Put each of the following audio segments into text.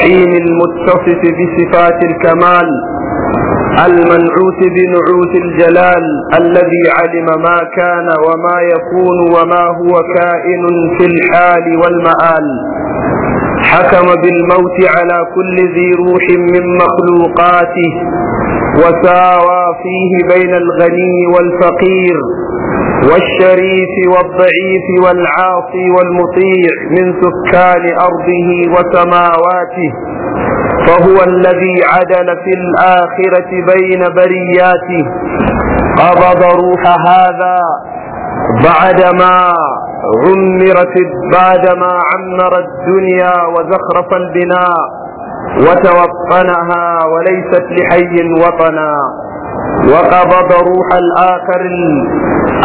الزعيم المتصف بصفات الكمال المنعوت بنعوت الجلال الذي علم ما كان وما يكون وما هو كائن في الحال والمآل حكم بالموت على كل ذي روح من مخلوقاته وساوى فيه بين الغني والفقير والشريف والضعيف والعاصي والمطيع من سكان ارضه وسماواته فهو الذي عدل في الاخره بين برياته قبض روح هذا بعدما عمرت بعدما عمر الدنيا وزخرف البناء وتوطنها وليست لحي وطنا وقبض روح الآخر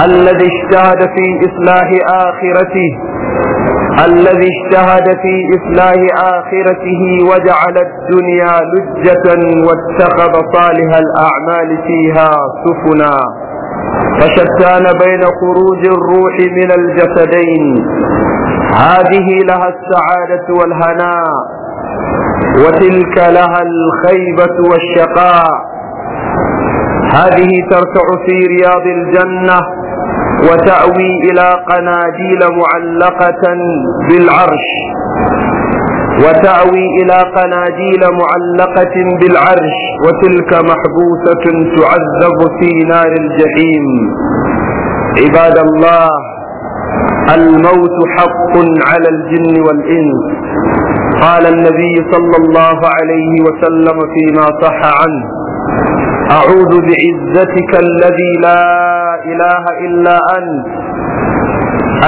الذي اجتهد في إصلاح آخرته الذي اجتهد في إصلاح آخرته وجعل الدنيا لجة واتخذ صالح الأعمال فيها سفنا فشتان بين خروج الروح من الجسدين هذه لها السعادة والهناء وتلك لها الخيبة والشقاء هذه ترتع في رياض الجنة وتأوي إلى قناديل معلقة بالعرش وتأوي إلى قناديل معلقة بالعرش وتلك محبوسة تعذب في نار الجحيم عباد الله الموت حق على الجن والإنس قال النبي صلى الله عليه وسلم فيما صح عنه أعوذ بعزتك الذي لا إله إلا أنت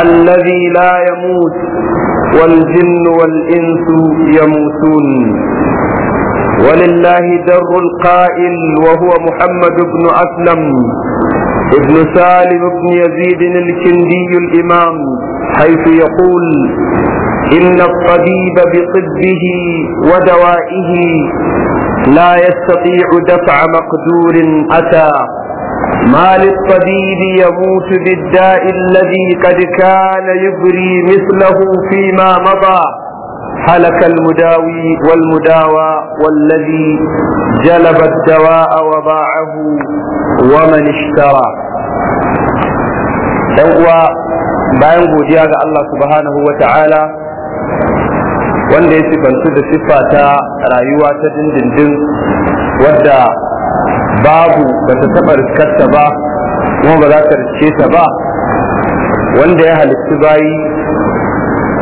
الذي لا يموت والجن والإنس يموتون ولله در القائل وهو محمد بن أسلم ابن سالم بن يزيد الكندي الإمام حيث يقول إن الطبيب بطبه ودوائه لا يستطيع دفع مقدور أتى ما للطبيب يموت بالداء الذي قد كان يبري مثله فيما مضى هلك المداوي والمداوى والذي جلب الدواء وباعه ومن اشترى دعوة bayan godiya ga Allah subhanahu wanda ya sifantu da siffa ta rayuwa ta dindindin wadda babu ba ta taɓa riskarta ba kuma ba za ta riske ta ba wanda ya halittu bayi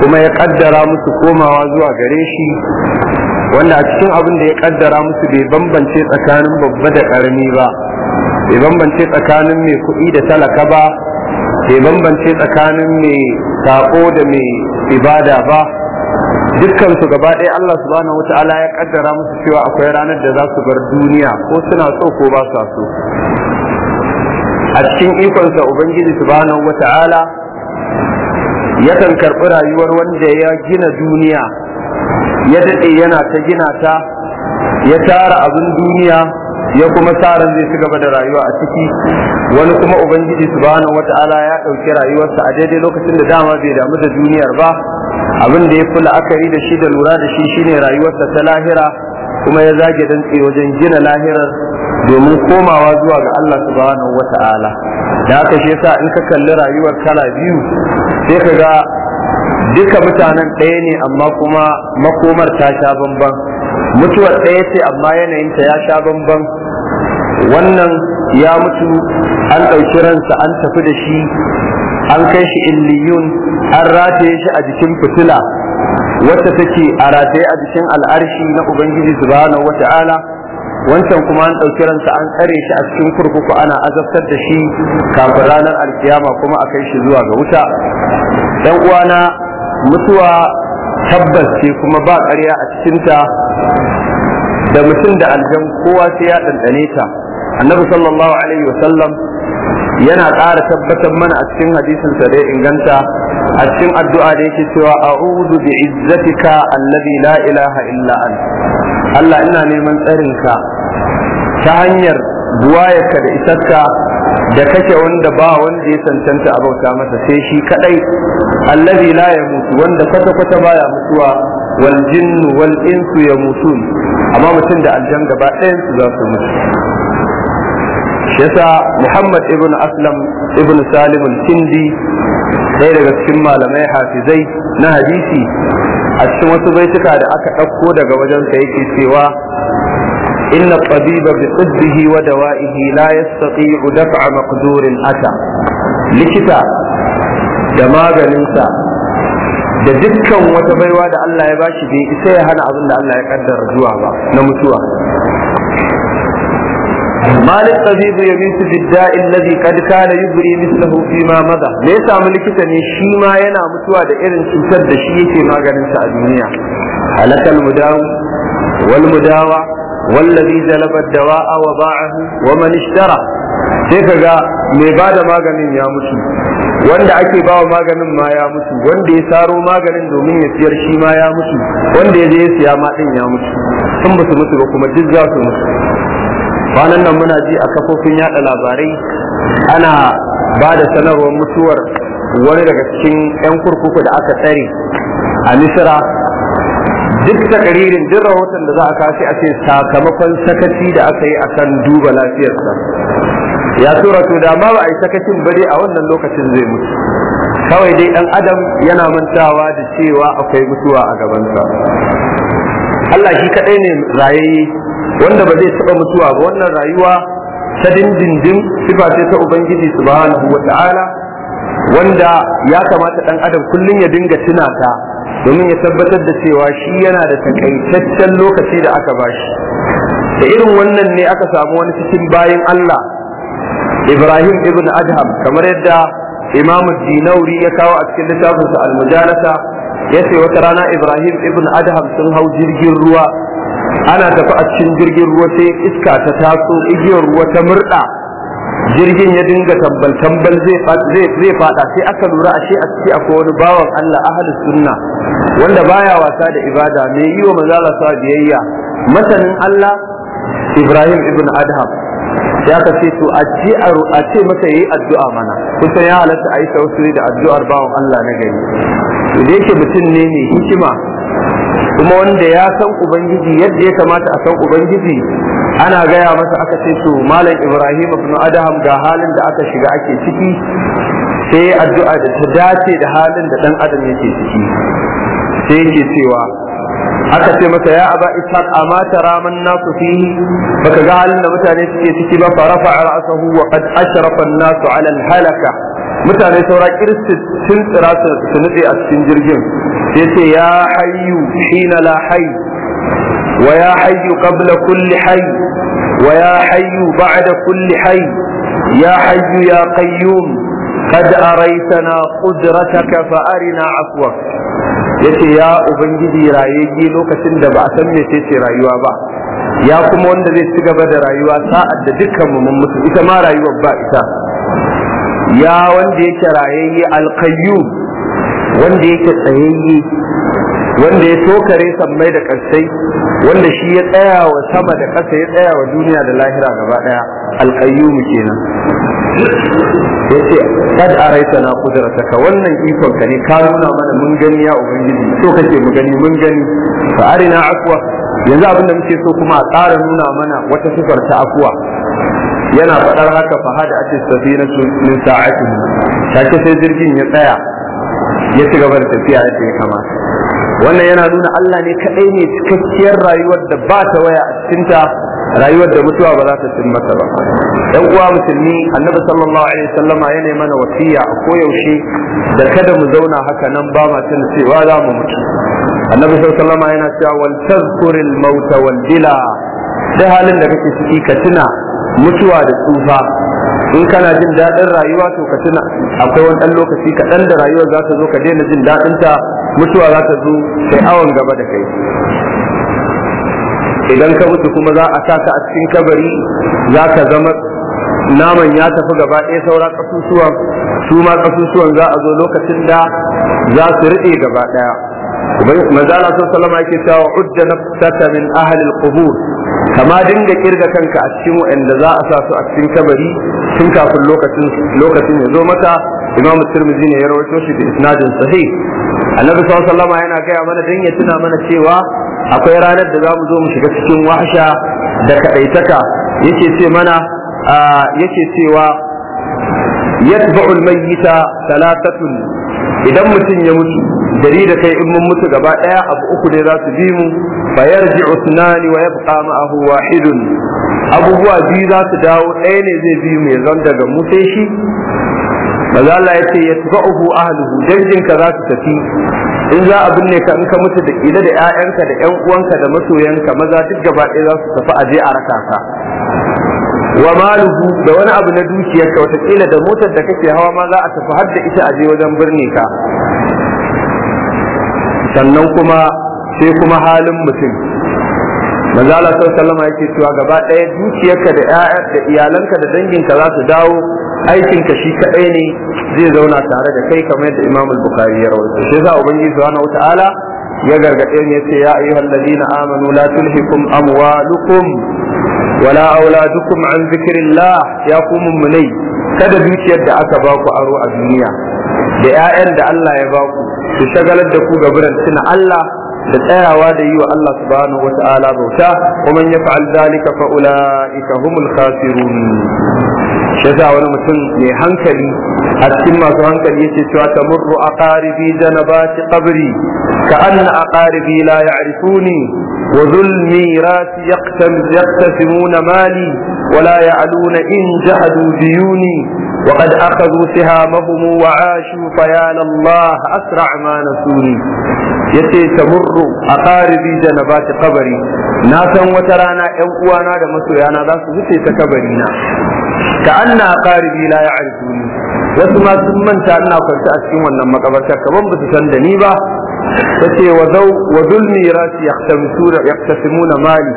kuma ya ƙaddara musu komawa zuwa gare shi wanda a cikin abin da ya ƙaddara musu bai bambance tsakanin babba da ƙarami ba bai bambance tsakanin mai kuɗi da talaka ba bai bambance tsakanin mai saƙo da mai ibada ba dukkan su gaba ɗaya Allah subhanahu wataala ya kaddara musu cewa akwai ranar da za su bar duniya ko suna so ko ba sa so a cikin ikonsa ubangiji subhanahu wataala yakan karɓi rayuwar wanda ya gina duniya ya daɗe yana ta gina ta ya tara abin duniya ya kuma tsarin zai ci gaba da rayuwa a ciki wani kuma ubangiji subhanahu wataala ya ɗauki rayuwarsa a daidai lokacin da dama bai damu da duniyar ba abin da ya fi la'akari da shi da lura da shi shine rayuwarsa ta lahira kuma ya zage dantse wajen gina lahirar domin komawa zuwa ga Allah subhanahu wata'ala da haka shi yasa in ka kalli rayuwar kala biyu sai ka ga duka mutanen ɗaya ne amma kuma makomar ta sha bamban mutuwar ɗaya ce amma yanayin ta ya sha bamban wannan ya mutu an ɗauki ransa an tafi da shi an kai shi illiyun an rataye shi a jikin fitila wacce take a rataye a jikin al'arshi na ubangiji subhanahu Ta'ala, wancan kuma an ɗauki ransa an tsare shi a cikin kurkuku ana azabtar da shi kafin ranar alkiyama kuma a kai shi zuwa ga wuta dan uwana mutuwa tabbas ce kuma ba ƙarya a cikinta da mutum da aljan kowa sai ya ɗanɗane ta annabi sallallahu alaihi wasallam yana ƙara tabbatar mana a cikin hadisin sa da inganta a cikin addu'a da yake cewa a'udhu bi izzatika allazi la ilaha illa an Allah ina neman tsarinka ta hanyar buwayarka da isarka da kake wanda ba wanda ya cancanta a bauta masa sai shi kadai allazi la yamutu wanda kwata kwata baya mutuwa wal jinnu wal insu yamutun amma mutum da aljanna gaba ɗayan su za su mutu shesa muhammad ibn aslam ibn salim al-kindi ɗaya daga cikin malamai hafizai na hadisi a cikin wasu baituka da aka ɗauko daga wajensa yake cewa إن الطبيب بطبه ودوائه لا يستطيع دفع مقدور أتى لكتا ata. Likita da dukkan wata baiwa da Allah ya bashi bai isa ya hana abin da Allah ya kaddara zuwa ba na mutuwa malik tabibu ya bi su bidda illazi da kana yubri mislahu fi ma maza me ya samu likita ne shi ma yana mutuwa da irin cutar da shi yake maganin a duniya halakal mudawu wal mudawa wallazi jalaba dawa'a wa ba'ahu wa man ishtara sai kaga mai bada maganin ya mutu wanda ake bawa maganin ma ya mutu wanda ya saro maganin domin ya siyar shi ma ya mutu wanda ya siya ma din ya mutu sun ba mutu ba kuma duk za su mutu kwanan nan muna ji a kafofin yada labarai ana ba da sanarwar mutuwar wani daga cikin 'yan kurkuku da aka tsare a misira duk takaririn duk rahoton da za a kashe a ce sakamakon sakaci da aka yi a kan duba lafiyarsa ya tura to da ma ba a yi sakacin ba dai a wannan lokacin zai mutu kawai dai dan adam yana mantawa da cewa akwai mutuwa a gabansa Allah shi kadai ne rayayi wanda ba zai taba mutuwa ba wannan rayuwa ta dindindin sifa ce ta ubangiji subhanahu ta'ala. wanda ya kamata dan adam kullum ya dinga tuna ta domin ya tabbatar da cewa shi yana da takaitaccen lokaci da aka bashi da irin wannan ne aka samu wani cikin bayin Allah Ibrahim ibn Adham kamar yadda Imam Dinauri ya kawo a cikin littafinsa Al-Mujalasa yace wata rana Ibrahim ibn Adham sun hau jirgin ruwa ana tafi a cikin jirgin ruwa sai iska ta taso igiyar ruwa ta murda jirgin ya dinga tambal tambal zai fada sai aka lura ashe a ciki akwai wani bawan Allah ahli sunna wanda baya wasa da ibada mai yi wa manzala sa biyayya masanin Allah Ibrahim ibn Adham ya ka to a ce masa yayi addu'a mana kusan ya halatta a yi tausiri da addu'ar bawan Allah na gari to da yake mutum ne ne hikima kuma wanda ya san ubangiji yadda ya kamata a san ubangiji ana gaya masa aka ce to malam ibrahim ibn adham ga halin da aka shiga ake ciki sai addu'a da ta dace da halin da dan adam yake ciki sai yake cewa aka ce masa ya aba ishaq amma tara man nasu fihi baka ga halin da mutane suke ciki ba fa rafa'a ra'sahu wa qad ashrafa an-nasu 'ala al-halaka mutane saura kirsis sun tsira su nutse a cikin jirgin sai ce ya hayyu shi la lahai, wa ya hayu kabla kulli hayy wa ya hayu ba'da kulli hayy ya hayu ya qayyum qad araytana ta fa arina afwak yace ya ubangiji raye lokacin da ba a san me ce rayuwa ba ya kuma wanda zai ci gaba da rayuwa sa'ad da dukkan mu mun ita ma rayuwar ba ita ya wanda yake rayayye alqayyum wanda yake tsayayye wanda ya tokare sammai da ƙasai wanda shi ya tsaya wa sama da ƙasa ya tsaya wa duniya da lahira gaba ɗaya alƙayyumu kenan ya ce kad araita na ka wannan ikon ka ne ka nuna mana mun gani ya ubangiji so kake mu gani mun gani fa arina akwa yanzu abin da muke so kuma a ƙara nuna mana wata sifar ta akwa yana faɗar haka fa hada ake safina min sa'atin take sai jirgin ya tsaya ya ci gaba da tafiya yadda ya kamata wannan yana nuna Allah ne kadai ne cikakkiyar rayuwar da ba ta waya a cikinta rayuwar da mutuwa ba za ta cin masa ba dan uwa musulmi annabi sallallahu alaihi wasallama yana mana wasiya a koyaushe da kada mu zauna haka nan ba ma tun cewa za mu mutu annabi sallallahu alaihi wasallama yana cewa wal tazkuril mauta wal bila da halin da kake ciki ka tuna mutuwa da tsufa in kana jin daɗin rayuwa to ka tuna akwai wani ɗan lokaci kaɗan da rayuwar za ta zo ka daina jin daɗinta mutuwa za ta zo sai awon gaba da kai idan ka mutu kuma za a sa ka a cikin kabari za ka zama naman ya tafi gaba ɗaya saura ƙasusuwan su ma ƙasusuwan za a zo lokacin da za su riɗe gaba ɗaya manzala sun salama yake cewa udda nafsaka min ahlil qubur kama dinga kirga kanka a cikin wayanda za a sa su a cikin kabari tun kafin lokacin lokacin ya zo maka imam tirmidhi ne ya rawaito shi da isnadin sahih annabi sallallahu alaihi yana gaya mana dan ya tuna mana cewa akwai ranar da za mu zo mu shiga cikin wahsha da kadaitaka yake ce mana yake cewa yatba'u al-mayyita thalathatun idan mutum ya mutu dari da kai in mun mutu gaba daya abu uku ne za su bi mu fa yarji usnani wa yabqa ma'ahu wahidun abubuwa biyu za su dawo ɗaya ne zai bi mu ya daga mu sai shi maza Allah ya ce uku ahluhu dangin ka za su tafi in za a binne ka in ka mutu da ila da ƴaƴanka da ƴan uwanka da masoyanka maza duk gaba ɗaya za su tafi a je a raka ka wa maluhu da wani abu na dukiyarka watakila da motar da kake hawa ma za a tafi har da ita a je wajen birni ka sannan kuma sai kuma halin mutum manzala Allah sallallahu alaihi yake cewa gaba ɗaya dukiyarka da ƴaƴa da iyalanka da danginka za su dawo aikinka shi kaɗai ne zai zauna tare da kai kamar yadda Imam Bukhari ya rawaito sai za ubangiji subhanahu ta'ala ya gargaɗe ne sai ya ayyuhal ladina amanu la tulhikum amwalukum wala auladukum an zikrillah ya ku mummunai kada dukiyar da aka ba ku aro a duniya da 'ya'yan da Allah ya ba ku su shagalar da ku ga tuna Allah da tsayawa da yi wa Allah subhanahu wata'ala bauta wa man yaf'al dhalika fa ulaika humul khasirun shi yasa wani mutum mai hankali a cikin masu hankali yace cewa tamurru aqaribi janabati qabri ka anna aqaribi la ya'rifuni wa zulmi rasi yaqtasimuna mali ولا يعلون إن جحدوا ديوني وقد أخذوا سهامهم وعاشوا فيا الله أسرع ما نسوني yace ta murru a ƙaribi da na ba kabari na san wata rana ‘yan uwana da masoyana za su wuce ta kabari na ka an na ƙaribi la ya arzuni wasu ma sun manta ina kwanci a cikin wannan makabarta kaman ba su san da ni ba ta ce wa zulmi rasi na mali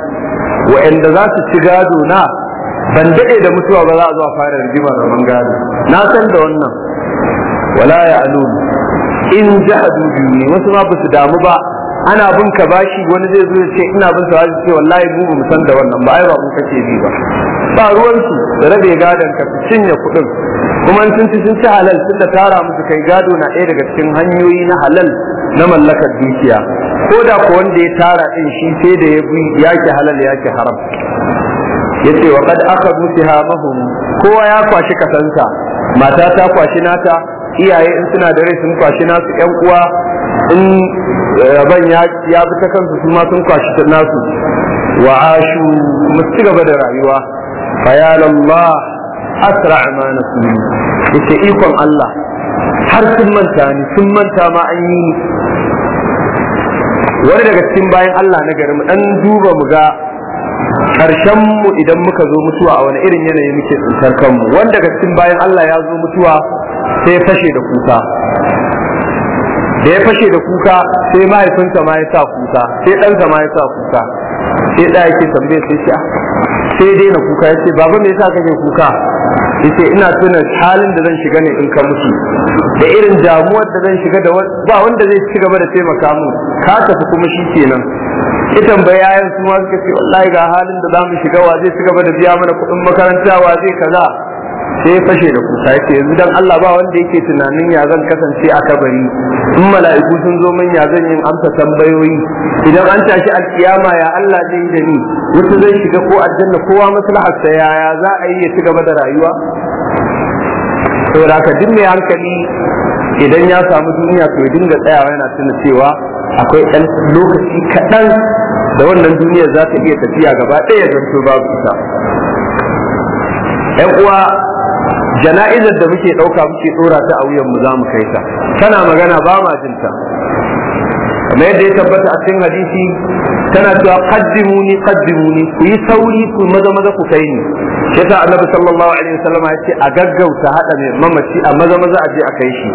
wa'anda za su ci gado na ban daɗe da mutuwa ba za a zo a fara rigima da mangado na san da wannan wala ya alu in jahadu ne wasu ma basu damu ba ana bin ka bashi wani zai zo ya ce ina bin sawaji ce wallahi mu mu da wannan ba ai ba mun kace bi ba ba ruwan su da rabe gadon ka su cinye kuɗin kuma sun ci sun ci halal tun da tara musu kai gado na ɗaya daga cikin hanyoyi na halal na mallakar dukiya ko da ko wanda ya tara din shi sai da ya bi yake halal yake haram yace wa qad akhadhu sihamahum kowa ya kwashi kasansa mata ta kwashi nata iyaye in suna da rai sun kwashi nasu yan uwa in eh, rabon ya bi ta kansu su ma sun kwashi nasu wa ashu musu gaba da rayuwa fayalallah asra ma nasu yace ikon Allah har sun manta ni sun manta ma an yi wani daga cikin bayan Allah na garin dan duba mu ga karshen mu idan muka zo mutuwa a wani irin yanayi muke tsintar kanmu wanda ga cikin bayan Allah ya zo mutuwa sai ya fashe da kuka da ya fashe da kuka sai mahaifinsa ma ya sa kuka sai ɗansa ma ya sa kuka sai ɗa yake tambaye sai shi ah, sai daina kuka ya ce baba me yasa kake kuka yace ina tuna halin da zan shiga ne in ka mutu da irin damuwar da zan shiga da ba wanda zai ci gaba da taimaka mu ka tafi kuma shi kenan Ki tambaya yayin su ma suka ce wallahi ga halin da zamu shiga wa zai cigaba da biya mana kuɗin makaranta wa zai kaza sai ya fashe da kusa ya yanzu dan Allah ba wanda yake tunanin ya zan kasance a kabari in mala'iku sun zo min ya zan yin amsa tambayoyi idan an tashi alkiyama ya Allah zai da ni wasu zai shiga ko aljanna kowa maslahar sa yaya za a yi ya ci gaba da rayuwa saboda haka duk mai hankali idan ya samu duniya to ya dinga tsayawa yana tuna cewa akwai ɗan lokaci kaɗan da wannan duniya za ta iya tafiya gaba ɗaya zanto babu ita ‘yan uwa jana'izar da muke ɗauka muke ɗora ta a wuyan mu za mu kai ta tana magana ba ma jinta kamar yadda ya tabbata a cikin hadisi tana cewa qaddimuni qaddimuni ku yi sauri ku maza maza ku kai ni shi yasa annabi sallallahu alaihi wasallam ya ce a gaggauta hada mai mamaci a maza maza a je a kai shi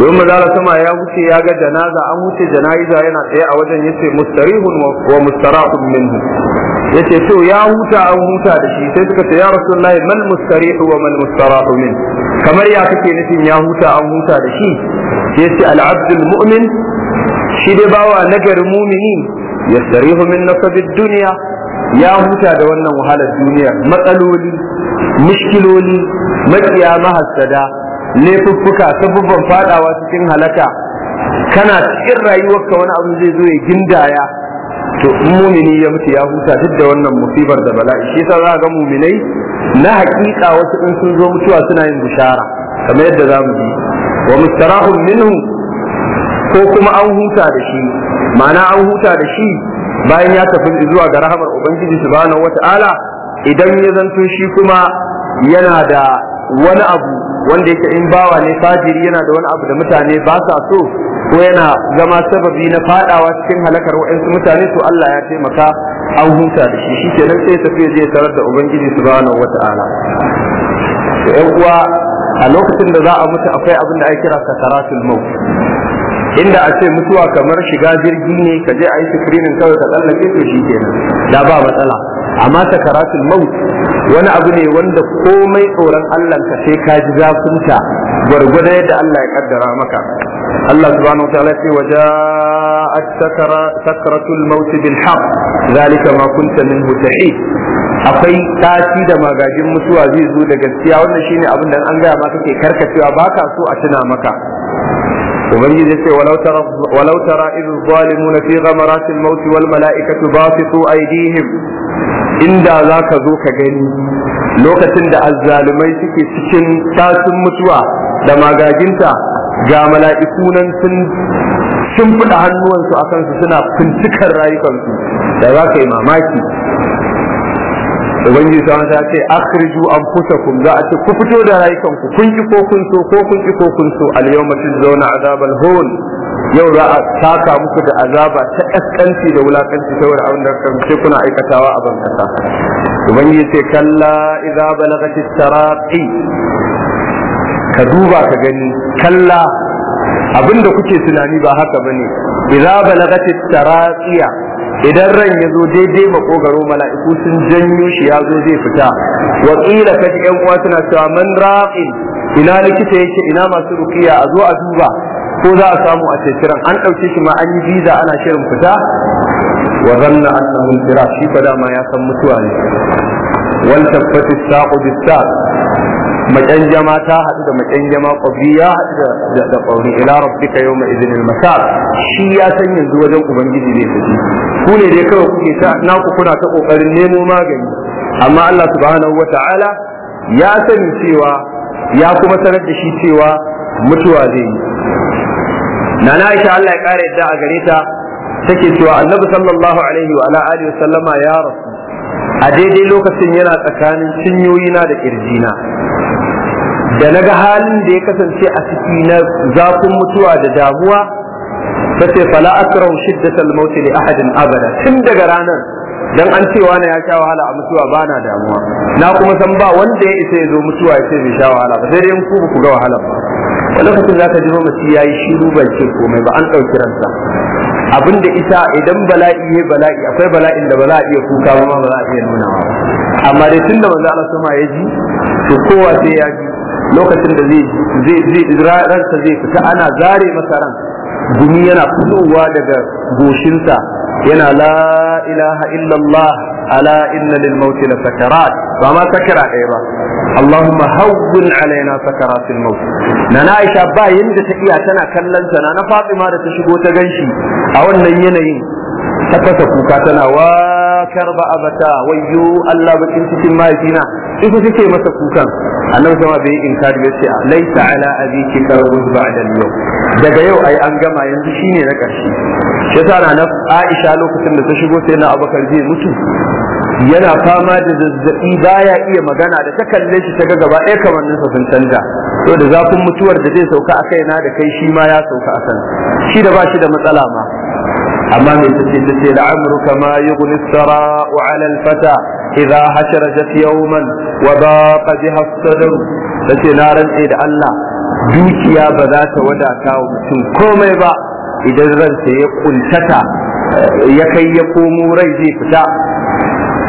domin manzala sama ya wuce ya ga janaza an wuce janaiza yana tsaye a wajen yace mustarihun wa mustarahun minhu yace to ya huta an huta da shi sai suka ce ya rasulullahi man mustarihu wa man mustarahu min kamar ya kake nufin ya huta an huta da shi yace al-abdul mu'min shi dai bawa nagarin mumini ya sarihu min sabid duniya ya huta da wannan wahalar duniya matsaloli mishkiloli makiya mahassada laifuffuka bubban fadawa cikin halaka kana cikin rayuwarka wani abu zai zo ya gindaya to mumini ya mutu ya huta duk da wannan musibar da bala'i shi yasa za ga muminai na hakika wasu in sun zo mutuwa suna yin bishara kamar yadda za mu yi wa mustarahun minhu ko kuma an huta da shi ma'ana an huta da shi bayan ya tafi zuwa ga rahamar ubangiji subhanahu wata'ala idan ya zanto shi kuma yana da wani abu wanda yake in bawa ne fajiri yana da wani abu da mutane ba sa so ko yana zama sababi na fadawa cikin halakar wa'ansu mutane to Allah ya taimaka an huta da shi shi nan sai tafiya zai tarar da ubangiji subhanahu wata'ala to yan uwa a lokacin da za a mutu akwai abin da ake kira kasaratul maut inda a ce mutuwa kamar shiga jirgi ne ka je a yi sikirinin kawai ka tsallake to shi kenan da ba matsala amma sakaratul maut wani abu ne wanda komai tsoron Allah ka sai ka ji zafinta gwargwada yadda Allah ya kaddara maka Allah subhanahu wataala ce waja'at sakratul maut bil haqq zalika ma kunta minhu akwai tashi da magajin mutuwa zai zo da gaskiya wannan shine abin da an gaya maka kake karkacewa baka so a tuna maka ubangiji ya ce walau tara idh zalimuna fi ghamarati al-maut wal mala'ikatu basitu aydihim inda zaka zo ka gani lokacin da azzalumai suke cikin tasin mutuwa da magaginta ga mala'iku nan sun shimfiɗa hannuwansu a kansu suna fincikar rayukansu da za ka yi mamaki ubangiji ta ce akhriju anfusakum za a ce ku fito da rayukanku kun ki ko kun so ko kun ki ko kun so al yawma tujzauna azabal hun yau za a saka muku da azaba ta kaskanci da wulakanci saboda abin da kuke kuna aikatawa a bankasa ubangiji ce kalla idza balagati taraqi ka duba ka gani kalla abinda kuke tunani ba haka bane idza balagati taraqiya idan ran ya zo daidai makogaro mala'iku sun janyo shi ya zo zai fita ka ji yan uwa suna cewa man raqin ina likita yake ina masu ruqiya a zo a duba ko za a samu a cikin an dauke shi ma an yi visa ana shirin fita wa zanna annahu firash shi fa dama ya san mutuwa ne wal tafati saqu bis maƙyanjama ta haɗu da maƙyanjama ƙwabi ya haɗu da ƙwauni ila rabbika yau mai izinin masar shi ya san yanzu wajen ubangiji ne fiti ku ne dai kawai kuke ta naku kuna ta ƙoƙarin nemo magani amma Allah subhanahu wa ta'ala ya sani cewa ya kuma sanar da shi cewa mutuwa zai yi na aisha Allah ya ƙara yadda a gare ta take cewa annabi sallallahu alaihi wa alihi sallama ya rasu a daidai lokacin yana tsakanin cinyoyina da kirjina da na ga halin da ya kasance a ciki na zafin mutuwa da damuwa ta ce fala akrahu shidda salmauti li ahadin abada tun daga ranar dan an ce wani ya sha wahala a mutuwa ba na damuwa na kuma san ba wanda ya isa ya zo mutuwa ya ce bai sha wahala ba sai dai ku ku ga wahala ba wani lokacin ka ji mamaci yayi shiru ban ce komai ba an ɗauki ransa abin da isa idan bala'i ya bala'i akwai bala'in da ba za iya kuka ba ma ba za a iya nuna ba amma dai tun da manzo Allah sama ya ji to kowa sai ya ji lokacin da zai ransa zai fita ana zare masa ran gumi yana fitowa daga goshinsa yana la ilaha illallah ala inna lil mauti la sakarat ba ma sakara ɗaya ba Allahumma hawwin alaina sakaratul maut na na Aisha ba yanda ta iya tana kallon sa na Fatima da ta shigo ta ganshi a wannan yanayin ta fasa kuka tana wa karba abata wayyo Allah bakin cikin mahaifina ita take masa kukan annabi sama bai inkari ya ce laita ala abiki ba da yau daga yau ai an gama yanzu shine na karshe shi yasa na Aisha lokacin da ta shigo sai na Abubakar zai mutu yana fama da zazzabi baya iya magana da ta kalle shi ta ga gaba ɗaya kamar sa sun canza to da zafin mutuwar da zai sauka a kai na da kai shi ma ya sauka a kan shi da ba shi da matsala ma amma mai tace tace la'amruka ma yughni sara'u 'ala al-fata idha hasharajat yawman wa daqa biha as-sadr tace na rantse da Allah dukiya ba za ta wadata wa mutum komai ba idan ransa ya kuntata ya kai ya zai fita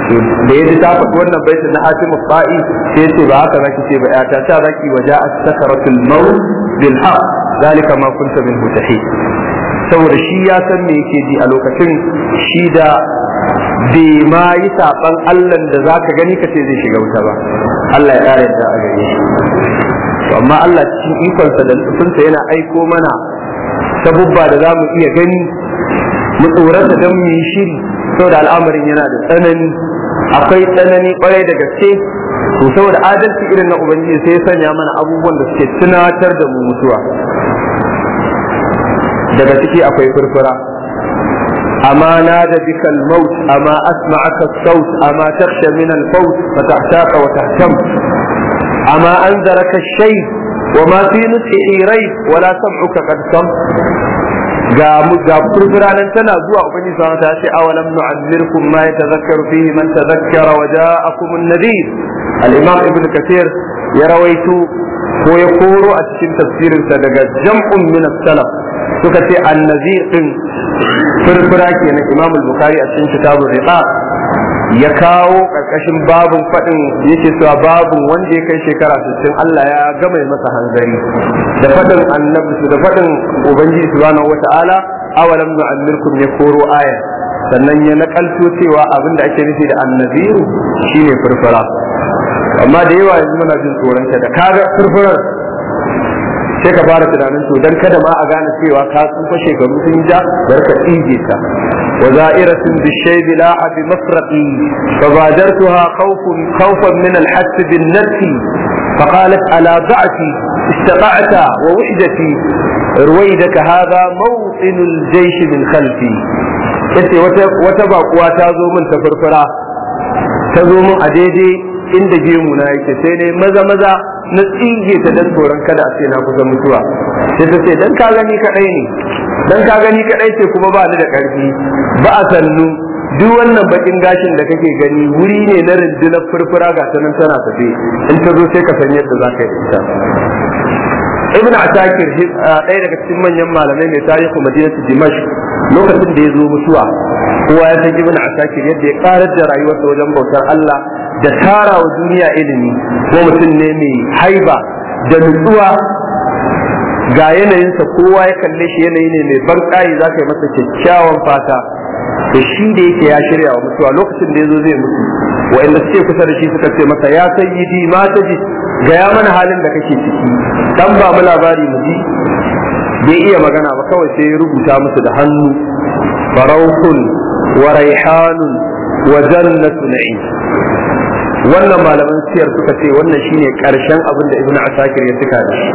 da ta faɗi wannan baitin na Hatim Fa'i sai yace ba haka zaki ce ba ta ta zaki waja as-sakaratul maut bil haqq zalika ma kunta min mutahi saboda shi ya san me yake ji a lokacin shi da bai ma yi saban Allah da za ka gani ka ce zai shiga wuta ba Allah ya ƙara yadda a gare shi amma Allah cikin ikonsa da nufinsa yana aiko mana sabubba da za mu iya gani mu tsorata don mu yi shiri saboda al'amarin yana da tsanani akwai tsanani kwarai da gaske to saboda adalci irin na ubangiji sai ya sanya mana abubuwan da suke tunatar da mu mutuwa daga ciki akwai furfura amma na da bikal maut amma asma'aka saut amma taksha min al faut fa tahtaka wa tahtam amma anzaraka shay wa ma fi nutsi irai wa la sam'uka qad sam ga mu ga furfura nan tana zuwa ubani sa ta ce awalam nu'azzirkum ma yatazakkaru fihi man tazakkara wa ja'akum an-nadhir al-imam ibn kathir ya rawaitu ko ya koro a cikin tafsirinsa daga jam'un min as-salaf suka ce annazi din furfura kenan Imam Bukhari a cikin kitabun riba ya kawo karkashin babun fadin yake cewa babun wanda ya kai shekara 60 Allah ya gama masa hanzari da fadin annabi da fadin ubangiji subhanahu wata'ala awalam nu'ammirkum ne koro aya sannan ya nakalto cewa abin da ake nufi da annabi shine furfura amma da yawa yanzu muna jin tsoron da kaga furfurar sai ka fara tunanin to dan kada ma a gane cewa ka sun fashe ga mutun ja bar ka tsige ta wa za'iratun bi shaybi la abi mafraqi fa badartuha khawfun khawfan min al-hass bin nafsi fa qalat ala istata'ta wa wahdati ruwaydaka hadha mawtin al jaysh min khalfi kace wata wata bakuwa ta zo min ta furfura ta zo min a daidai inda gemu na yake sai ne maza maza na tsige ta dan tsoron kada a ce na kusa mutuwa sai ta ce dan ka gani kadai ne dan ka gani kadai ce kuma ba ni da karfi ba a sannu duk wannan bakin gashin da kake gani wuri ne na rundunar furfura ga sanin tana tafi in ta zo sai ka san yadda za ka yi ita ibn asakir ɗaya daga cikin manyan malamai mai tarihi madinatu dimash lokacin da ya zo mutuwa kowa ya san ibn asakir yadda ya karar da rayuwarsa wajen bautar Allah da tara wa duniya ilimi ko mutum ne mai haiba da nutsuwa ga yanayinsa kowa ya kalle shi yanayi ne mai ban ƙayi za ka yi masa kyakkyawan fata da shi da yake ya shirya wa mutuwa lokacin da ya zo zai mutu wa'anda suke kusa da shi suka ce masa ya sayyidi ma ta ji gaya mana halin da kake ciki dan ba mu labari mu ji bai iya magana ba kawai sai ya rubuta musu da hannu farauhun wa raihanun wa jannatu na'i wannan malaman siyar suka ce wannan shine karshen abinda da ibnu asakir ya tuka da shi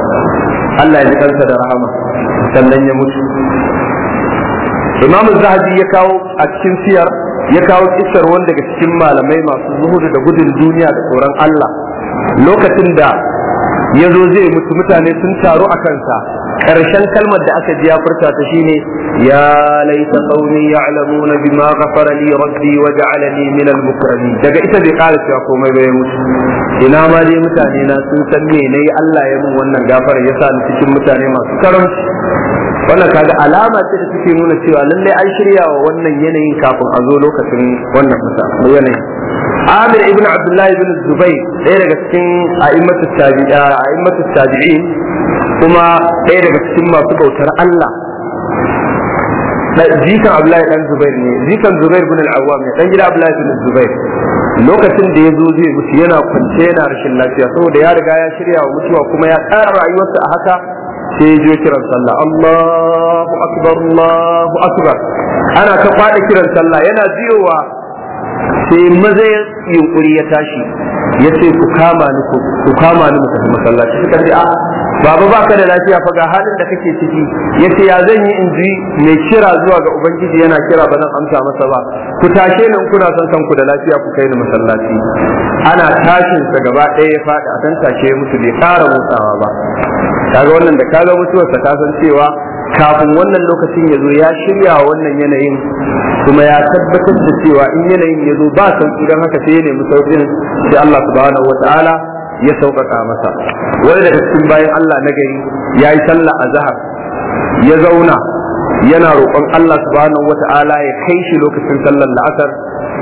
Allah ya ji kansa da rahama sannan ya mutu imam zahabi ya kawo a cikin siyar ya kawo kisar wanda daga cikin malamai masu zuhudu da gudun duniya da tsoron Allah lokacin da ya zo zai mutu mutane sun taru a kansa ƙarshen kalmar da aka ji ya furta ta shine ya laita qaumi ya'lamuna bima ghafara li rabbi wa ja'alani min al daga ita bai ƙara cewa komai ba ya mutu ina ma dai mutane na sun san me nayi Allah ya mun wannan gafara yasa ni cikin mutane masu karanci wannan kaga alama ce da take nuna cewa lallai an shirya wa wannan yanayin kafin a zo lokacin wannan yanayin amir ibn abdullahi ibn zubai ɗaya daga cikin a'immatu التابعين kuma ɗaya daga cikin masu bautar Allah jikan abdullahi dan zubair ne jikan الزبير bin al-awwam ne dan gida abdullahi bin zubair lokacin da ya zo zai mutu yana kwance yana rashin lafiya saboda ya riga ya shirya wa mutuwa kuma ya tsara rayuwarsa a haka sai ya kiran sallah Allahu akbar Allahu akbar ana ta kwada kiran sallah yana jiyowa sai maza ya yunkuri ya tashi ya ce ku kama ni ku kama ni mu masallaci suka ce a baba ka da lafiya fa ga halin da kake ciki ya ce ya zan yi inji mai kira zuwa ga ubangiji yana kira ba zan amsa masa ba ku tashe ni kuna son kanku da lafiya ku kai ni masallaci ana tashin sa gaba ɗaya ya faɗi a san tashe mutu bai ƙara motsawa ba kaga wannan da kaga mutuwarsa ta san cewa kafin wannan lokacin ya zo ya shirya wannan yanayin kuma ya tabbatar da cewa in yanayin ya zo ba sauki don haka sai ya nemi sauƙin sai Allah subhanahu ta'ala ya sauƙaƙa masa wani daga cikin bayan Allah na gari ya yi sallah a zahar ya zauna yana roƙon Allah subhanahu ta'ala ya kai shi lokacin sallar la'asar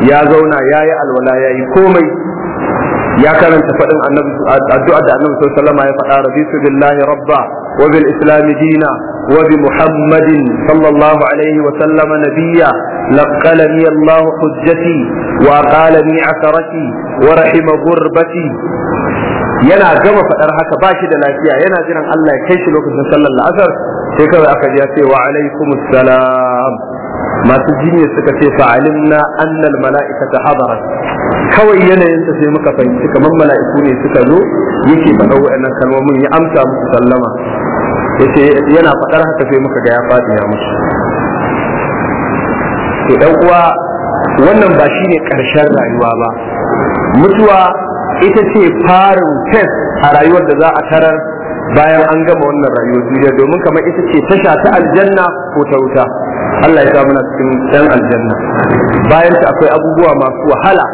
ya zauna ya yi alwala ya yi komai ya karanta faɗin annabi addu'a da annabi sallallahu alaihi ya faɗa raditu billahi rabba wa bil islam dina wa bi muhammadin sallallahu alaihi wa sallama nabiyya laqalani allah hujjati wa qalani yana gama faɗar haka ba shi da lafiya yana jiran Allah ya kai shi lokacin sallar la'asar sai kawai aka ji ya ce wa alaikumus salam masu jini suka ce na annal mala'ikata habara, kawai yanayin ta sai muka fahimci kamar mala'iku ne suka zo yake faɗa wa'annan kalmomin ya amsa musu sallama yace yana faɗar haka sai muka ga ya faɗi ya musu to dan uwa wannan ba shine ƙarshen rayuwa ba mutuwa ita ce farin test a rayuwar da za a tarar bayan an gama wannan rayuwar duniya domin kamar ita ce tasha ta aljanna ko ta wuta Allah ya samu na cikin yan aljanna bayan ta akwai abubuwa masu wahala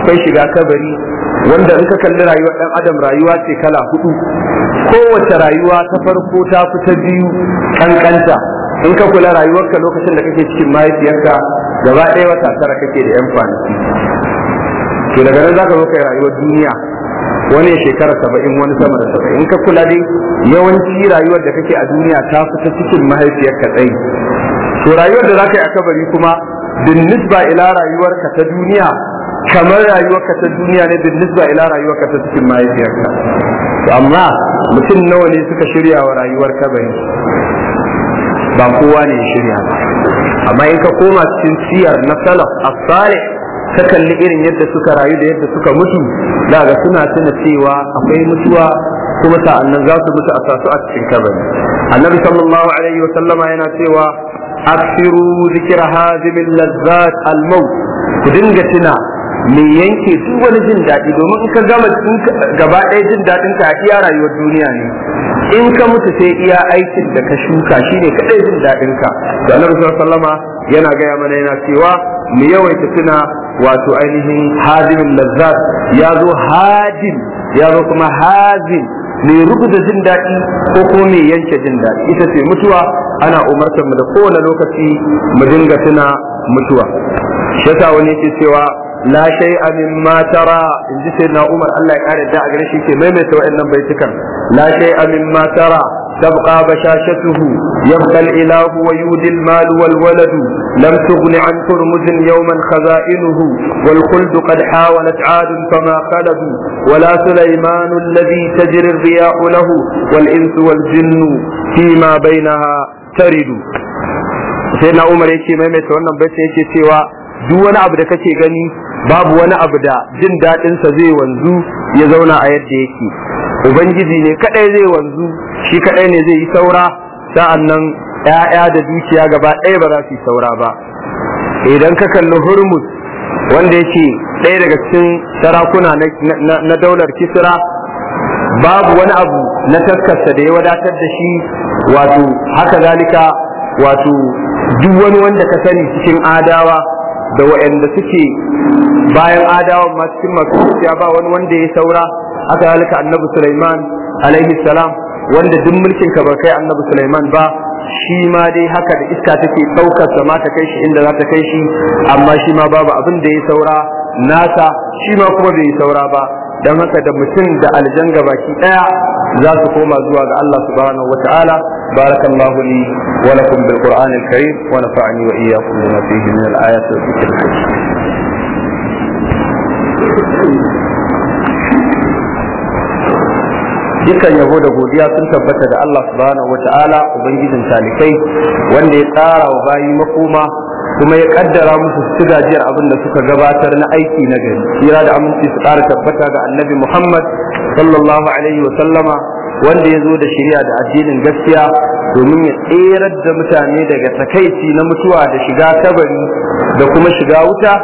akwai shiga kabari wanda in ka kalli rayuwar ɗan adam rayuwa ce kala hudu kowace rayuwa ta farko ta fi ta biyu kankanta in ka kula rayuwarka lokacin da kake cikin mahaifiyarka gaba ɗaya wata tara kake da yan kwanaki to daga nan zaka zo kai rayuwar duniya wani shekara saba'in wani sama da saba'in ka kula dai yawanci rayuwar da kake a duniya ta fita cikin mahaifiyar ka tsayi to rayuwar da zaka yi a kabari kuma bin nisba ila rayuwarka ta duniya kamar rayuwar ka ta duniya ne bin nisba ila ka ta cikin mahaifiyar To amma mutum nawa ne suka shirya wa rayuwar kabari ba kowa ne ya shirya ba amma in ka koma cikin siyar na salaf as-salih ka kalli irin yadda suka rayu da yadda suka mutu ga suna tuna cewa akwai mutuwa kuma sa'annan za su mutu a sasu a cikin kabari annabi sallallahu alaihi wa sallama yana cewa aksiru zikira hazimin lazzat al-maut ku dinga tuna mai yanke duk wani jin daɗi domin in ka gama gaba ɗaya jin daɗin ka iya rayuwar duniya ne in ka mutu sai iya aikin da ka shuka shi ne kaɗai jin daɗin ka da rasuwar sallama yana gaya mana yana cewa mu yawaita tuna wato ainihin hadimin lazzat ya zo hadin ya zo kuma hazin mai rubuta jin daɗi ko kuma mai yanke jin daɗi ita ce mutuwa ana umartar mu da kowane lokaci mu dinga tuna mutuwa shi wani ke cewa la shay'a mimma tara in ji sai na Umar Allah ya kare da a gare shi ke maimaita wa'annan baitukan la shay'a mimma tara تبقى بشاشته يبقى الإله ويودي المال والولد لم تغن عن كرمز يوما خزائنه والخلد قد حاولت عاد فما خلد ولا سليمان الذي تجري الرياح له والإنس والجن فيما بينها ترد سيدنا عمر يشي ميمة وانا بس يشي سوى duk wani abu da kake gani babu wani abu da jin daɗinsa zai wanzu ya zauna a yadda yake ubangiji ne kadai zai wanzu shi kadai ne zai yi saura sa'an nan ‘ya'ya da dukiya gaba ɗaya ba za su yi saura ba idan ka kalli hurmus wanda yake ɗaya daga cikin sarakuna na daular kisra babu wani abu na taskarsa da ya wadatar da shi wato haka zalika wato duk wani wanda ka sani cikin adawa da waɗanda suke bayan adawa masu masu zuciya ba wani wanda ya saura aka halika annabi Sulaiman alaihi salam wanda duk mulkin ka bai kai annabi Sulaiman ba shi ma dai haka da iska take ɗaukar sama ta kai shi inda za ta kai shi amma shi ma babu abin da ya saura nasa shi ma kuma bai saura ba dan haka da mutum da aljanga baki daya za su koma zuwa ga Allah subhanahu wataala barakallahu li wa lakum bil qur'anil karim wa nafa'ani wa iyyakum bima fihi min al ayati wa dhikr dukkan yabo da godiya sun tabbata da Allah subhanahu Ta'ala, ubangijin talikai wanda ya tsara wa bayi makoma kuma ya kaddara musu su gajiyar abin da suka gabatar na aiki na gari tsira da aminci su ƙara tabbata ga annabi Muhammad sallallahu alaihi wa sallama wanda ya zo da shirya da addinin gaskiya domin ya tserar da mutane daga takaici na mutuwa da shiga kabari da kuma shiga wuta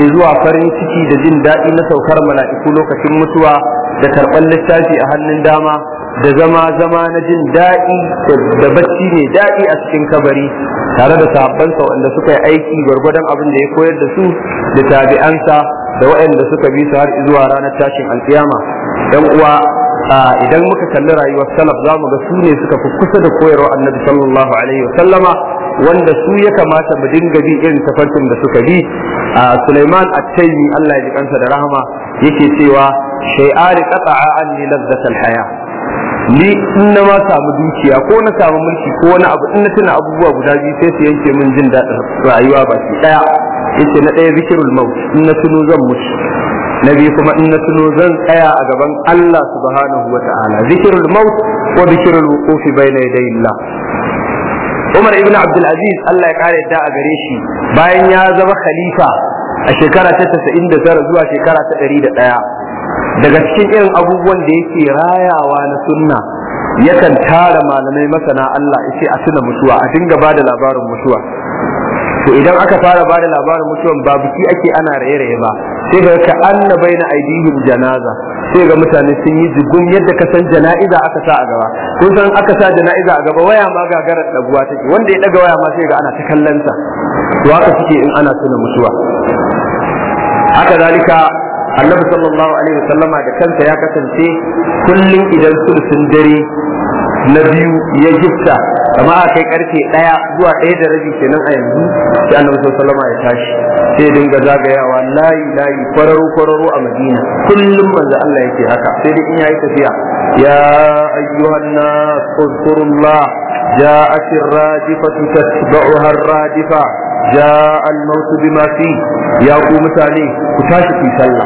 zuwa farin ciki da jin daɗi na saukar mala'iku lokacin mutuwa da karɓar littafi a hannun dama da zama zama na jin daɗi da bacci mai daɗi a cikin kabari tare da sahabbansa wanda suka yi aiki gwargwadon abin da ya koyar da su da tabi'ansa da waɗanda suka bi su har zuwa ranar tashin alkiyama dan uwa idan muka kalli rayuwar salaf za mu ga su ne suka fi kusa da koyarwa annabi sallallahu alaihi sallama, wanda su ya kamata mu dinga bi irin tafarkin da suka bi Sulaiman Suleiman taymi Allah ya ji kansa da rahama yake cewa shay'ari qata'a anni ladzat al-haya ni in na ma samu dukiya ko na samu mulki ko wani abu in na tuna abubuwa guda biyu sai su yanke min jin daɗin rayuwa baki ɗaya yace na ɗaya zikirul maut in na tuno zan mutu na biyu kuma in na tuno zan tsaya a gaban Allah subhanahu wa ta'ala zikirul maut wa zikirul wuqufi bayna yaday Umar ibn Abdulaziz, Allah ya kare da a gare shi bayan ya zama khalifa a shekara ta 99 zuwa shekara ta ɗari ɗaya. daga cikin irin abubuwan da yake rayawa na sunna yakan tara malamai masana Allah yake a tuna mutuwa a dinga ba da labarin mutuwa to idan aka fara ba da labarin mutuwan ba biki ake ana raye-raye ba sai ga ka anna baina aidihim janaza sai ga mutane sun yi jigun yadda ka san jana'iza aka sa a gaba kun san aka sa jana'iza a gaba waya ma gagarar daguwa take wanda ya daga waya ma sai ga ana ta kallon ta, to haka suke in ana tuna mutuwa haka zalika annabi sallallahu alaihi wasallama da kansa ya kasance kullum idan sulsun dare na biyu ya gifta amma a kai karfe ɗaya zuwa ɗaya da rabi kenan a yanzu sai annabi sallallahu ya tashi sai dinga zagayawa layi layi kwararo kwararo a madina kullum manzo Allah yake haka sai dai in yayi tafiya ya ayyuhan nas uzkurullah جاءت الرادفة تتبعها الرادفة جاء الموت بما فيه يا قوم تاني كتاشي في سلة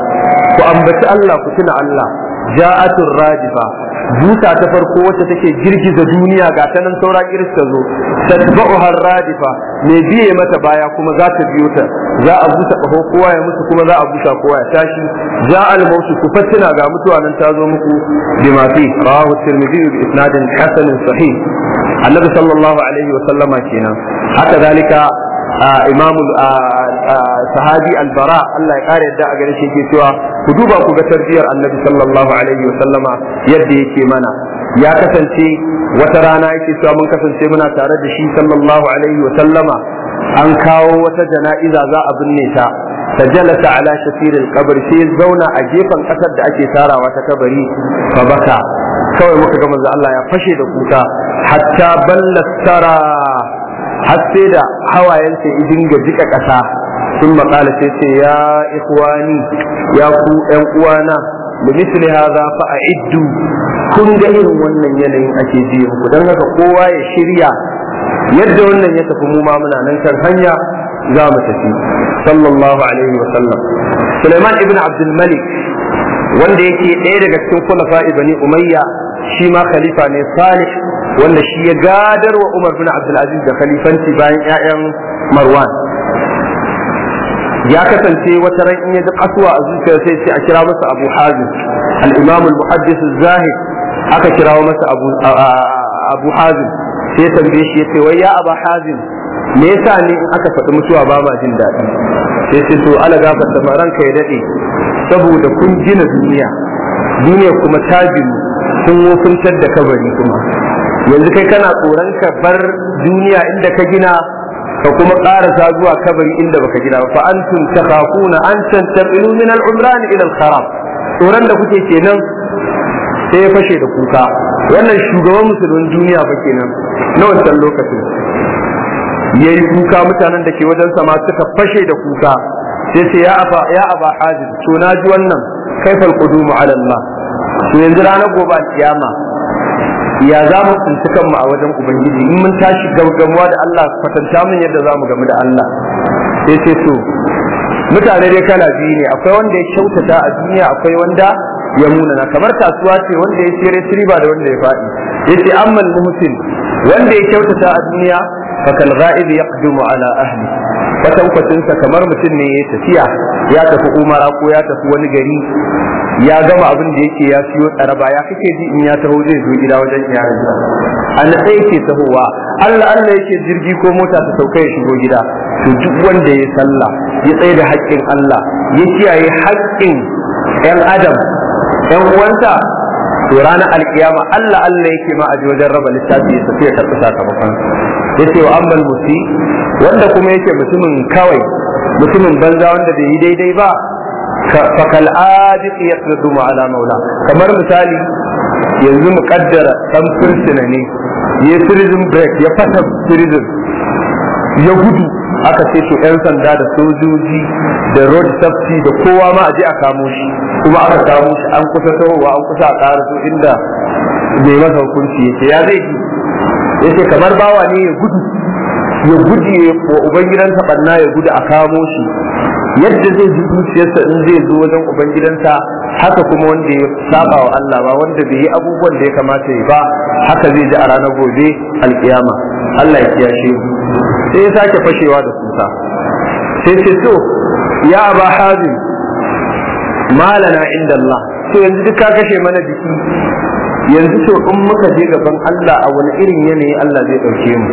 ku ambaci Allah ku tuna Allah ja'atul Radifa busa ta farko wacce take girgiza duniya ga ta nan saura iris ta zo tatba'uha rajifa mai biye mata baya kuma za ta biyo ta za a busa kaho kowa ya mutu kuma za a busa kowa ya tashi ja'al mautu ku fatina ga mutuwa nan ta zo muku isnadin kenan haka zalika imamu sahabi albara Allah ya kare yadda a gare shi cewa ku duba ku ga tarbiyar annabi sallallahu alaihi wa sallama yadda yake mana ya kasance wata rana yake cewa mun kasance muna tare da shi sallallahu alaihi wa sallama an kawo wata jana'iza za a binne ta فجلس ala شفير القبر sai zauna a gefen kasar da ake tarawa ta kabari fa baka kawai muka ga manzo Allah ya fashe da kuka hatta ballat tara har sai da hawayensa ya dinga jika ƙasa sun maƙala sai ce ya ikhwani ya ku ƴan uwana da misli haza fa a iddu kun ga irin wannan yanayin ake ji ku Dan haka kowa ya shirya yadda wannan ya tafi mu ma muna nan kan hanya za mu tafi sallallahu alaihi wa sallam Sulaiman ibn Abdul Malik wanda yake ɗaya daga cikin kullafa ibani Umayya shi ma khalifa ne salih wanda shi ya gadar wa Umar bin abdulaziz da khalifanci bayan ƴaƴan Marwan ya kasance wata ran in ya ji kasuwa a zuciya sai sai a kira masa Abu Hazim al-Imam al-Muhaddis az-Zahid aka kira masa Abu Abu Hazim sai tambaye shi yace wai ya Abu Hazim me yasa ne in aka faɗi mutuwa ba ma jin daɗi sai sai to ala gafarta ma ranka ya daɗe saboda kun gina duniya duniya kuma ta jinu sun wofintar da kabari kuma yanzu kai kana tsoron ka bar duniya inda ka gina ka kuma karasa zuwa kabari inda baka gina ba fa antum takhafuna an tantaqilu min al-umran ila al tsoron da kuke kenan sai ya fashe da kuka wannan shugaban musulun duniya ba kenan na wancan lokacin yayi kuka mutanen da ke wajen sama suka fashe da kuka sai sai ya aba ya aba hazin to na ji wannan kaifal qudumu ala Allah to yanzu ranar gobe kiyama ya za mu tsinci kanmu a wajen ubangiji in mun tashi gaggamuwa da Allah kwatanta mun yadda za mu gamu da Allah sai sai so mutane dai kala biyu ne akwai wanda ya kyautata a duniya akwai wanda ya munana kamar kasuwa ce wanda ya tsere riba da wanda ya faɗi yace amman mutum. wanda ya kyautata a duniya fakal ghaib yaqdumu ala ahli fatan kwatinsa kamar mutum ne ya tafiya ya tafi umara ko ya tafi wani gari ya gama abin da yake ya siyo tsaraba ya kake ji in ya taho zai zo gida wajen iyalinsa an sai yake tahowa Allah Allah yake jirgi ko mota ta sauka ya shigo gida to duk wanda ya sallah ya tsaye da haƙƙin Allah ya kiyaye haƙƙin 'yan adam 'yan uwansa to ranar alƙiyama Allah Allah yake ma a wajen raba littafi ya tafi ya karɓi sakamakon yace wa Ambal musi wanda kuma yake mutumin kawai mutumin banza wanda bai yi daidai ba fa kal adiq yaqdumu ala maula kamar misali yanzu mu kaddara dan ne ya prison break ya fata prison ya gudu aka ce to yan sanda da sojoji da road safety da kowa ma aje a kamo shi kuma aka kamo shi an kusa tawowa an kusa a su, inda mai masa hukunci yake ya zai yace kamar bawa ne ya gudu ya wa ubangidansa barna ya gudu a kamo shi yadda zai ji zuciyarsa in zai zo wajen ubangidansa haka kuma wanda ya saba wa Allah ba wanda bai yi abubuwan da ya kamata ya ba haka zai ji a ranar gobe alkiyama Allah ya kiyashe sai ya sake fashewa da kusa sai ce to ya aba hazim malana inda Allah to yanzu duk ka kashe mana jiki yanzu to in muka je gaban Allah a wani irin yanayi Allah zai ɗauke mu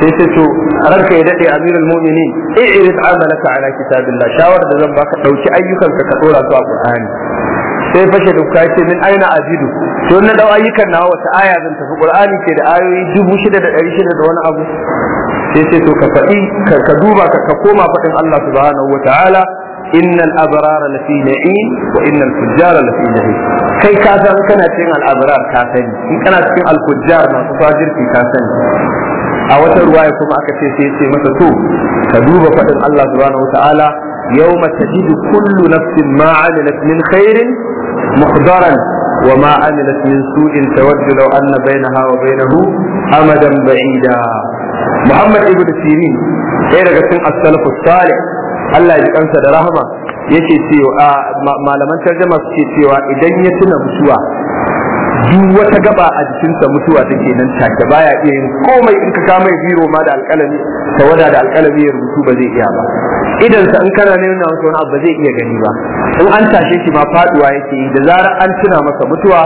sai sai to ranka ya daɗe amirul mu'minin i'rid amalaka ala kitabillah shawar da zan baka ɗauki ayyukanka ka ɗora su a qur'ani sai fashe dukka ce min aina azidu to na dau ayyukan nawa wata aya zan tafi qur'ani ke da ayoyi dubu shida da ɗari shida da wani abu sai sai to ka faɗi ka duba ka koma faɗin Allah subhanahu wataala innal abrara lafi na'im wa innal fujjara lafi na'im kai ka kana cikin al-abrar in kana cikin al-fujjar masu fajirci ka a wata ruwa ya kuma aka ce sai ce masa to ka duba faɗin Allah subhanahu wataala yawma tajidu kullu nafsin ma 'amilat min khairin muhdaran wa ma 'amilat min su'in tawaddu law anna bainaha wa bainahu amadan ba'ida Muhammad ibn Sirin ɗaya daga cikin as-salafus Allah ya kansa da rahama yake cewa malaman tarjama suke cewa idan ya tuna mutuwa duk wata gaba a jikinsa mutuwa take nan take baya iya yin komai in ka kama biro ma da alƙalami tawada da alƙalami ya rubutu ba zai iya ba idan sa in kana nuna masa wani abu ba zai iya gani ba in an tashe shi ma faduwa yake yi da zarar an tuna masa mutuwa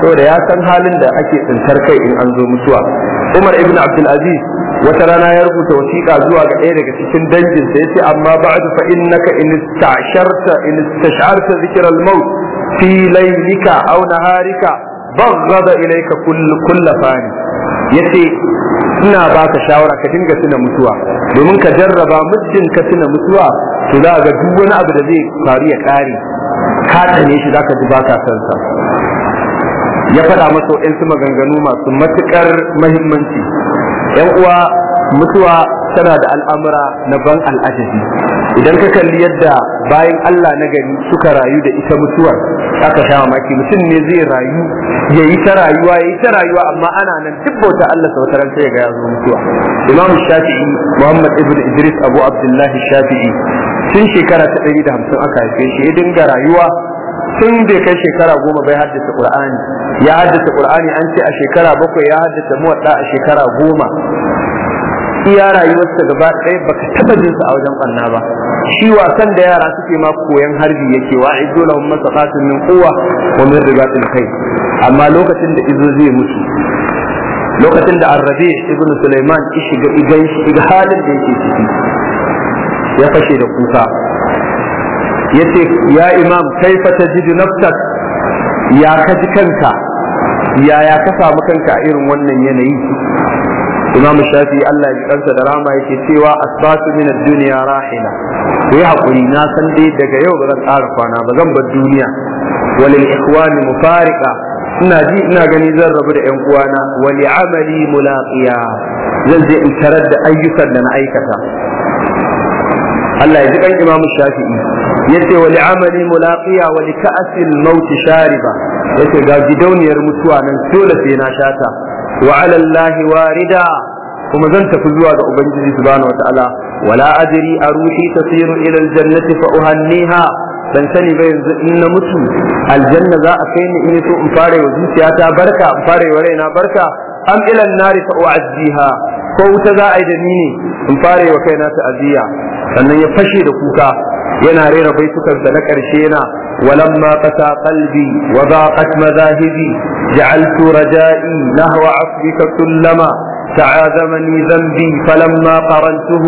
saboda ya san halin da ake tsintar kai in an zo mutuwa Umar ibn Abdul Aziz wata rana ya rubuta wasiƙa zuwa ga ɗaya daga cikin dangin sa yace amma ba'du fa innaka in ista'sharta in istash'arta dhikra maut fi laylika aw naharika baghada ilayka kull kull fani yace ina baka shawara ka dinga tuna mutuwa domin ka jarraba mutum ka tuna mutuwa to za ga duk wani abu da zai faru ya kare ka tane shi zaka ji baka san sa ya faɗa masa waɗansu maganganu masu matuƙar mahimmanci yan uwa mutuwa tana da al'amura na ban al'ajabi idan ka kalli yadda bayan Allah na gari suka rayu da ita mutuwar aka sha mamaki mutum ne zai rayu ya yi ta rayuwa ya yi ta rayuwa amma ana nan duk bauta Allah sau taran sai ga yazo mutuwa Imam Shafi'i Muhammad ibn Idris Abu Abdullahi Shafi'i tun shekara ta ɗari da hamsin aka haife shi ya dinga rayuwa tun bai kai shekara goma bai haddasa qur'ani ya haddasa qur'ani an ce a shekara bakwai ya haddasa muwadda a shekara goma iya rayuwarsa gaba ɗaya baka taba jin sa a wajen ɓanna ba shi wasan da yara suke ma koyan harbi yake wa izo lahum masaqatun min quwwa wa min ribatil khayr amma lokacin da izo zai mutu lokacin da arrabi ibnu sulaiman ya shiga idan shi halin da yake ciki ya fashe da kuka yace ya imam kaifa tajidu nafsak ya ka ji kanka ya ya ka samu kanka a irin wannan yanayi imam shafi Allah ya kansa da rama yake cewa asbatu min ad-dunya rahina yi hakuri na san dai daga yau ba zan ƙara kwana ba zan bar duniya walil ikhwani mufariqa ina ji ina gani zan rabu da yan uwana wali amali mulaqiya zan je in tarar da ayyukan da na aikata Allah ya ji kan Imam Shafi'i yace wa li'amali mulaqiya wa li ka'sil maut shariba yace ga gidauniyar mutuwa nan dole sai na shata wa 'ala Allah warida kuma zan tafi zuwa ga Ubangiji subhanahu wataala wala adri a tasiru ila jannati fa uhanniha ban sani ba yanzu in na mutu aljanna za a kai ni in so in fara wa ta? barka in fara wa raina barka am ila nari fa u'azziha ko wuta za a yi da ni ne in fara wa kaina ta'aziyya sannan ya fashe da kuka yana rera baitukansa na ƙarshe yana ولما قسى قلبي وضاقت مذاهبي جعلت رجائي نحو عفوك كلما تعاذمني ذنبي فلما قرنته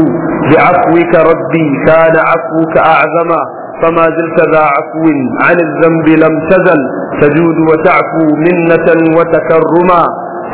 بعفوك ربي كان عفوك أعظما فما زلت ذا عفو عن الذنب لم تزل تجود وتعفو منة وتكرما